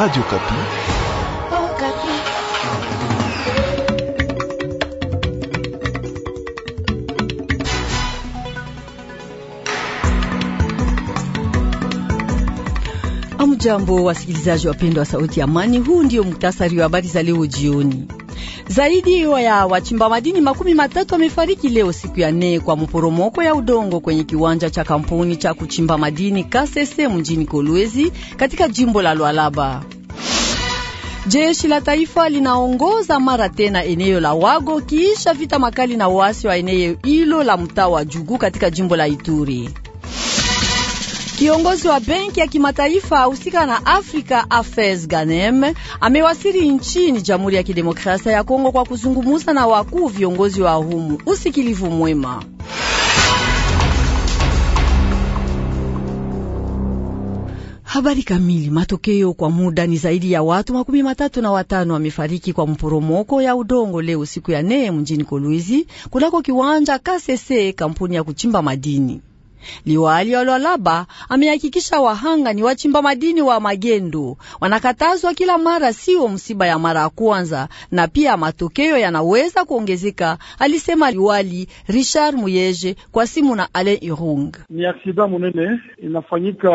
Radio Kapi. Oh, Kapi. Amjambo wasikilizaji wapendwa wa sauti ya amani, huu ndio muktasari wa habari za leo jioni. Zaidi ya wachimba madini makumi matatu wamefariki leo siku ya nne kwa mporomoko ya udongo kwenye kiwanja cha kampuni cha kuchimba madini Kasese mjini Kolwezi katika jimbo la Lualaba. Jeshi la taifa linaongoza mara tena eneo la Wago kiisha vita makali na wasi wa eneo hilo la mtaa wa Jugu katika jimbo la Ituri. Kiongozi wa benki ya kimataifa husika na Afrika Afes Ganem amewasili nchini Jamhuri ya Kidemokrasia ya Kongo kwa kuzungumza na wakuu viongozi wa humu. Usikilivu mwema. Habari kamili. Matokeo kwa muda ni zaidi ya watu makumi matatu na watano wamefariki kwa mporomoko ya udongo leo siku ya nne mjini Kolwezi kunako kiwanja Kasese, kampuni ya kuchimba madini Liwali wa Lualaba amehakikisha wahanga ni wachimba madini wa magendo wanakatazwa kila mara, sio msiba ya mara ya kwanza, na pia matokeo yanaweza kuongezeka, alisema liwali Richard Muyeje kwa simu na Alain Irung. Ni aksida munene inafanyika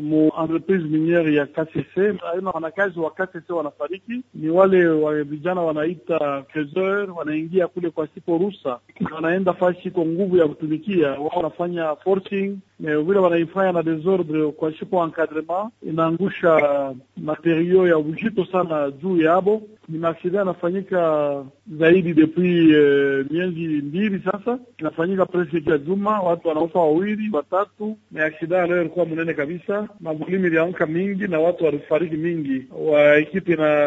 mu entreprise miniere ya KCC. Aina wanakazi wa KCC wanafariki, ni wale wa vijana wanaita trésor, wanaingia kule kwa sipo rusa, wanaenda fasi iko nguvu ya kutumikia, wao wanafanya forcing vile wanaifanya na desordre kwa sipo encadrement, inaangusha materio ya ujito sana juu yabo. Ni maksida yanafanyika zaidi depuis eh, miezi mbili sasa, inafanyika presque kila juma, watu wanaofa wawili watatu, na aksida leo ilikuwa mnene kabisa magulimi ilianguka mingi na watu walifariki mingi. Ekipe na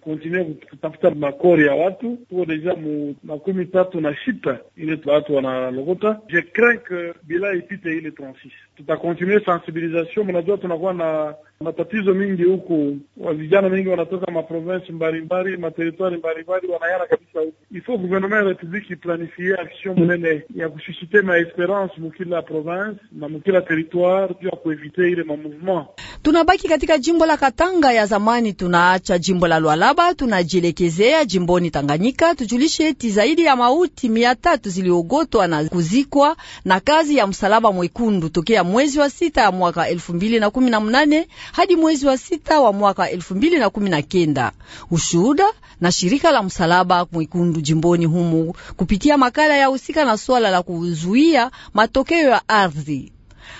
kontinue kutafuta makori ya watu, tuko deja mu makumi tatu na sita ile watu wanalokota. Je crains que bila ipite ile transition tutakontinue sensibilisation. Mnajua tunakuwa na matatizo mingi huku, vijana mingi wanatoka maprovinsi mbalimbali materitwari mbalimbali wanayana kabisa huku. Ifo guvernement ya republiki planifie action munene ya kushishite maesperance mukila province na mukila territoire juu ya kuevite ile mamouvement. Tunabaki katika jimbo la Katanga ya zamani, tunaacha jimbo la Lwalaba, tunajielekezea jimboni Tanganyika. Tujulishe eti zaidi ya mauti mia tatu ziliogotwa na kuzikwa na kazi ya Msalaba Mwekundu tokea mwezi wa sita mwaka elfu mbili na kumi na mnane hadi mwezi wa sita wa mwaka elfu mbili na kumi na kenda. Ushuhuda na shirika la Msalaba Mwekundu jimboni humu kupitia makala ya husika na swala la kuzuia matokeo ya ardhi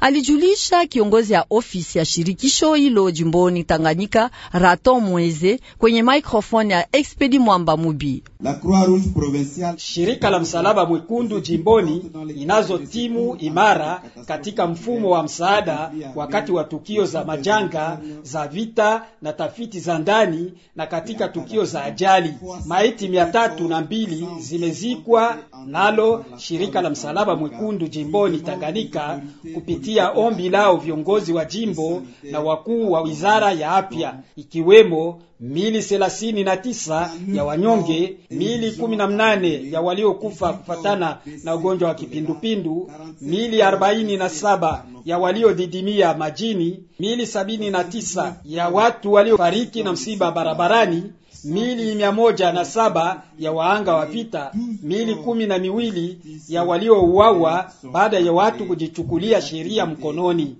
alijulisha kiongozi ya ofisi ya shirikisho hilo jimboni Tanganyika, Raton Mweze, kwenye microphone ya Expedi Mwamba Mubi. La Croix Rouge shirika la msalaba mwekundu jimboni, inazo timu imara katika mfumo wa msaada wakati wa tukio za majanga za vita na tafiti za ndani na katika tukio za ajali. Maiti mia tatu na mbili zimezikwa nalo shirika la msalaba mwekundu jimboni Tanganyika kupitia ombi lao viongozi wa jimbo na wakuu wa wizara ya afya, ikiwemo mili thelathini na tisa ya wanyonge, mili kumi na mnane ya waliokufa kufatana na ugonjwa wa kipindupindu, mili arobaini na saba ya waliodidimia majini, mili sabini na tisa ya watu waliofariki na msiba barabarani mili mia moja na saba ya waanga wa vita, mili kumi na miwili ya waliouawa baada ya watu kujichukulia sheria mkononi.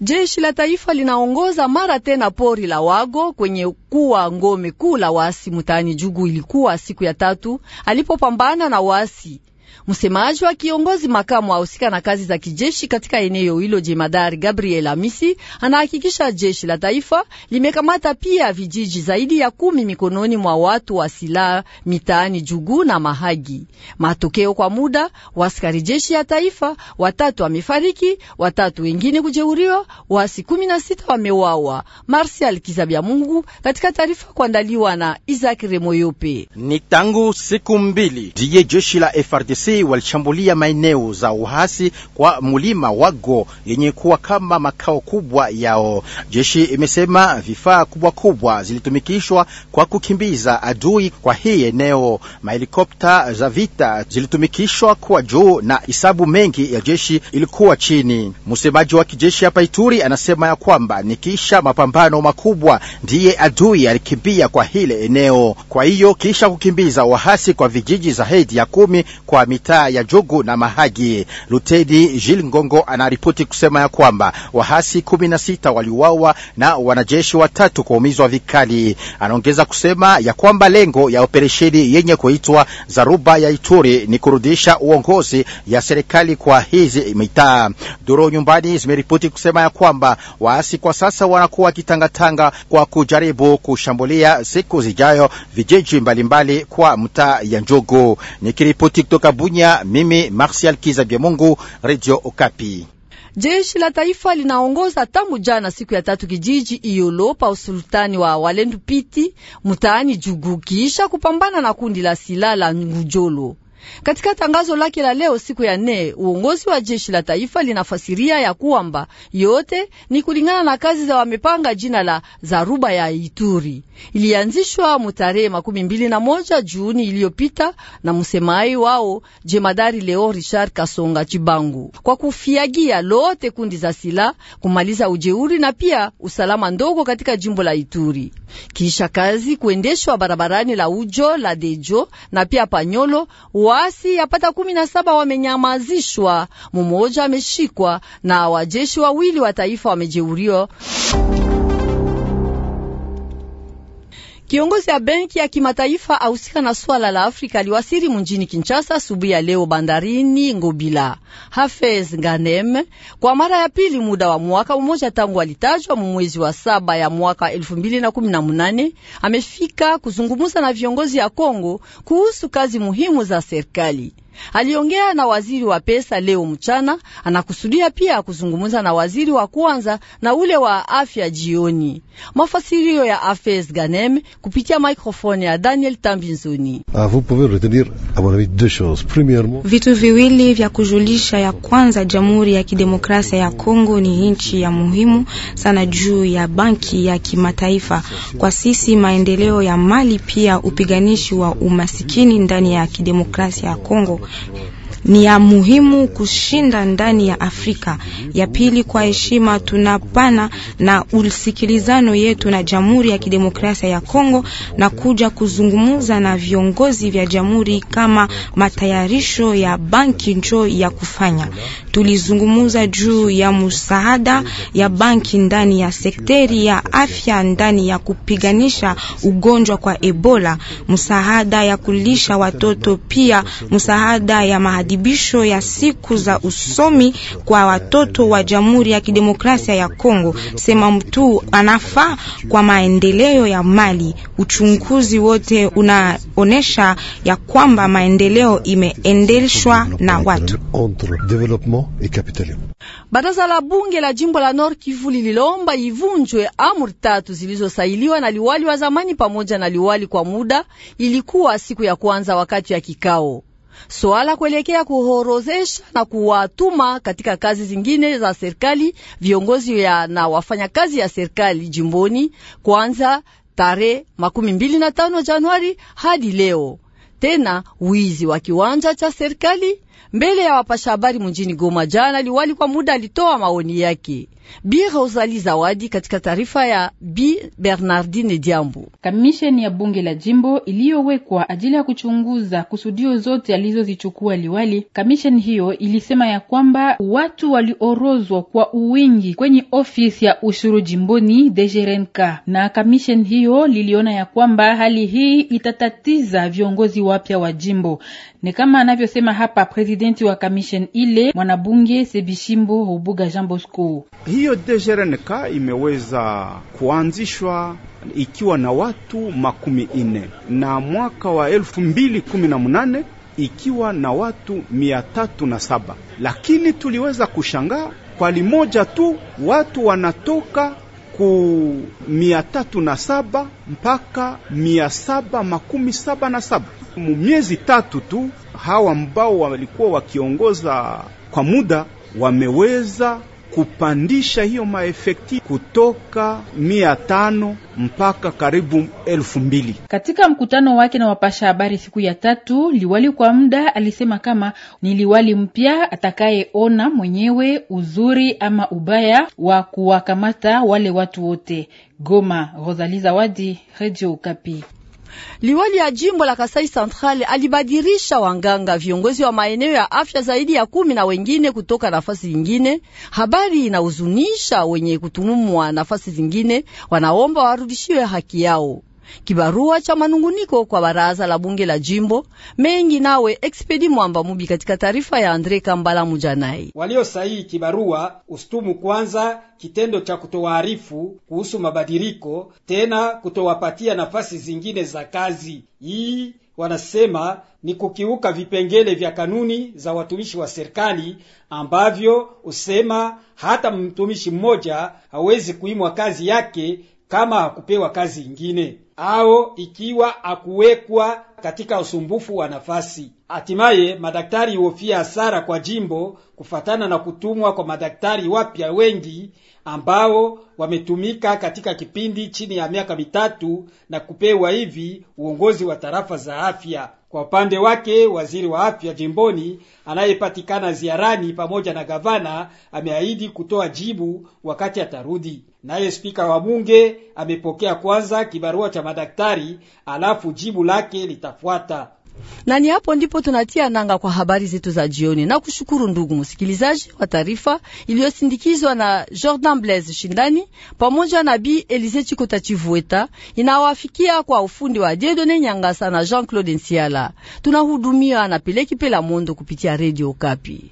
Jeshi la taifa linaongoza mara tena pori la Wago kwenye kuwa ngome kuu la waasi mutani Jugu. Ilikuwa siku ya tatu alipopambana na waasi Msemaji wa kiongozi makamu ahusika na kazi za kijeshi katika eneo hilo jemadari Gabriel Amisi anahakikisha jeshi la taifa limekamata pia vijiji zaidi ya kumi mikononi mwa watu wa silaha mitaani Jugu na Mahagi. Matokeo kwa muda, askari jeshi ya taifa watatu wamefariki, watatu wengine kujeuriwa, wasi kumi na sita wamewawa. Marsial Kizabya Mungu katika taarifa kuandaliwa na Isaac Remoyope. Ni tangu siku mbili ndiye jeshi la FARDC FARDC walishambulia maeneo za uhasi kwa mlima Wago yenye kuwa kama makao kubwa yao. Jeshi imesema vifaa kubwa kubwa zilitumikishwa kwa kukimbiza adui kwa hii eneo. Mahelikopta za vita zilitumikishwa kuwa juu na hisabu mengi ya jeshi ilikuwa chini. Msemaji wa kijeshi hapa Ituri anasema ya kwamba ni kisha mapambano makubwa ndiye adui alikimbia kwa hile eneo. Kwa hiyo kisha kukimbiza wahasi kwa vijiji zaidi ya kumi kwa mitaa ya Jugu na Mahagi. Luteni Jil Ngongo anaripoti kusema ya kwamba wahasi kumi na sita waliuawa na wanajeshi watatu kuumizwa vikali. Anaongeza kusema ya kwamba lengo ya operesheni yenye kuitwa Zaruba ya Ituri ni kurudisha uongozi ya serikali kwa hizi mitaa. Duru nyumbani zimeripoti kusema ya kwamba waasi kwa sasa wanakuwa wakitangatanga kwa kujaribu kushambulia siku zijayo vijiji mbalimbali mbali kwa mtaa ya Njugu. Nikiripoti kutoka Bunya, mimi Martial Kizabia Mungu, Radio Okapi. Jeshi la taifa linaongoza tangu jana siku ya tatu kijiji Iolo pa usultani wa Walendu Piti mtaani Jugu, kisha kupambana na kundi la silaha la Ngujolo. Katika tangazo lake la leo siku ya nne, uongozi wa jeshi la taifa linafasiria ya kwamba yote ni kulingana na kazi za wamepanga. Jina la zaruba ya Ituri ilianzishwa mutarehe makumi mbili na moja Juni iliyopita na msemai wao jemadari leo Richard Kasonga Chibangu, kwa kufiagia lote kundi za sila kumaliza ujeuri na pia usalama ndogo katika jimbo la Ituri, kisha kazi kuendeshwa barabarani la Ujo la Dejo na pia Panyolo waasi yapata kumi na saba wamenyamazishwa, mumoja ameshikwa na wajeshi wawili wa taifa wamejeuriwa. Kiongozi ya benki ya kimataifa ahusika na swala la Afrika aliwasiri mjini Kinshasa asubuhi ya leo bandarini Ngobila. Hafez Ganem kwa mara ya pili muda wa mwaka mmoja tangu alitajwa mwezi wa saba ya mwaka 2018 amefika kuzungumza na viongozi ya Kongo kuhusu kazi muhimu za serikali. Aliongea na waziri wa pesa leo mchana, anakusudia pia kuzungumza na waziri wa kwanza na ule wa afya jioni. Mafasirio ya Afes Ganem kupitia microphone ya Daniel Tambinzoni. Ah, Vitu viwili vya kujulisha, ya kwanza, Jamhuri ya Kidemokrasia ya Kongo ni nchi ya muhimu sana juu ya banki ya kimataifa kwa sisi, maendeleo ya mali pia upiganishi wa umasikini ndani ya kidemokrasia ya Kongo больше желаю. ni ya muhimu kushinda ndani ya Afrika. Ya pili, kwa heshima tunapana na usikilizano yetu na Jamhuri ya Kidemokrasia ya Kongo na kuja kuzungumza na viongozi vya jamhuri kama matayarisho ya banki njo ya kufanya. Tulizungumza juu ya msaada ya banki ndani ya sekteri ya afya ndani ya kupiganisha ugonjwa kwa Ebola, msaada ya kulisha watoto, pia msaada ya mahadari maadhibisho ya siku za usomi kwa watoto wa Jamhuri ya Kidemokrasia ya Kongo. Sema mtu anafaa kwa maendeleo ya Mali. Uchunguzi wote unaonesha ya kwamba maendeleo imeendeshwa na watu. Baraza la bunge la jimbo la Nord Kivu lililoomba ivunjwe amri tatu zilizosailiwa na liwali wa zamani pamoja na liwali kwa muda, ilikuwa siku ya kwanza wakati ya kikao swala kuelekea kuhorozesha na kuwatuma katika kazi zingine za serikali viongozi ya na wafanyakazi ya serikali jimboni kwanza tarehe makumi mbili na tano Januari hadi leo. Tena wizi wa kiwanja cha serikali mbele ya wapasha habari mjini Goma jana, liwali kwa muda alitoa maoni yake. Bi Rosali Zawadi katika taarifa ya Bi Bernardine Diambo. Kamisheni ya bunge la jimbo iliyowekwa ajili ya kuchunguza kusudio zote alizozichukua liwali, kamisheni hiyo ilisema ya kwamba watu waliorozwa kwa uwingi kwenye ofisi ya ushuru jimboni Dejerenka, na kamisheni hiyo liliona ya kwamba hali hii itatatiza viongozi wapya wa jimbo. Ni kama anavyosema hapa presidenti wa kamishen ile mwanabunge Sebishimbo Rubuga Jean Bosco. Hiyo DGRNK imeweza kuanzishwa ikiwa na watu makumi ine na mwaka wa elfu mbili kumi na munane ikiwa na watu mia tatu na saba lakini tuliweza kushangaa kwa limoja tu watu wanatoka ku mia tatu na saba mpaka mia saba makumi saba na saba mu miezi tatu tu. Hawa ambao walikuwa wakiongoza kwa muda wameweza kupandisha hiyo maefekti kutoka mia tano mpaka karibu elfu mbili. Katika mkutano wake na wapasha habari siku ya tatu, liwali kwa muda alisema kama ni liwali mpya atakayeona mwenyewe uzuri ama ubaya wa kuwakamata wale watu wote. Goma, rosali Zawadi, Radio Okapi. Liwali ya jimbo la Kasai Central alibadirisha wanganga viongozi wa maeneo ya afya zaidi ya kumi na wengine kutoka nafasi zingine. Habari inahuzunisha wenye kutumumwa nafasi zingine, wanaomba warudishiwe haki yao. Kibarua cha manunguniko kwa baraza la bunge la jimbo mengi nawe Expedi Mwamba Mubi katika taarifa ya Andre Kambala Mujanai. sahihi kibarua ustumu kwanza kitendo cha kutowaarifu kuhusu mabadiliko tena kutowapatia nafasi zingine za kazi. Hii wanasema ni kukiuka vipengele vya kanuni za watumishi wa serikali ambavyo usema hata mtumishi mmoja hawezi kuimwa kazi yake kama hakupewa kazi ingine, ao ikiwa hakuwekwa katika usumbufu wa nafasi. Hatimaye madaktari hofia hasara kwa jimbo kufatana na kutumwa kwa madaktari wapya wengi ambao wametumika katika kipindi chini ya miaka mitatu na kupewa hivi uongozi wa tarafa za afya. Kwa upande wake waziri wa afya jimboni anayepatikana ziarani pamoja na gavana ameahidi kutoa jibu wakati atarudi. Naye spika wa bunge amepokea kwanza kibarua cha madaktari, alafu jibu lake lita itafuata na ni hapo ndipo tunatia nanga kwa habari zetu za jioni, na kushukuru ndugu msikilizaji wa taarifa iliyosindikizwa na Jordan Blaise Shindani pamoja na Bi Elise Chikota Chivueta, inawafikia kwa ufundi wa Jedone Nyangasa na Jean Claude Nsiala. Tunahudumia na Peleki Pela Mondo kupitia redio Kapi.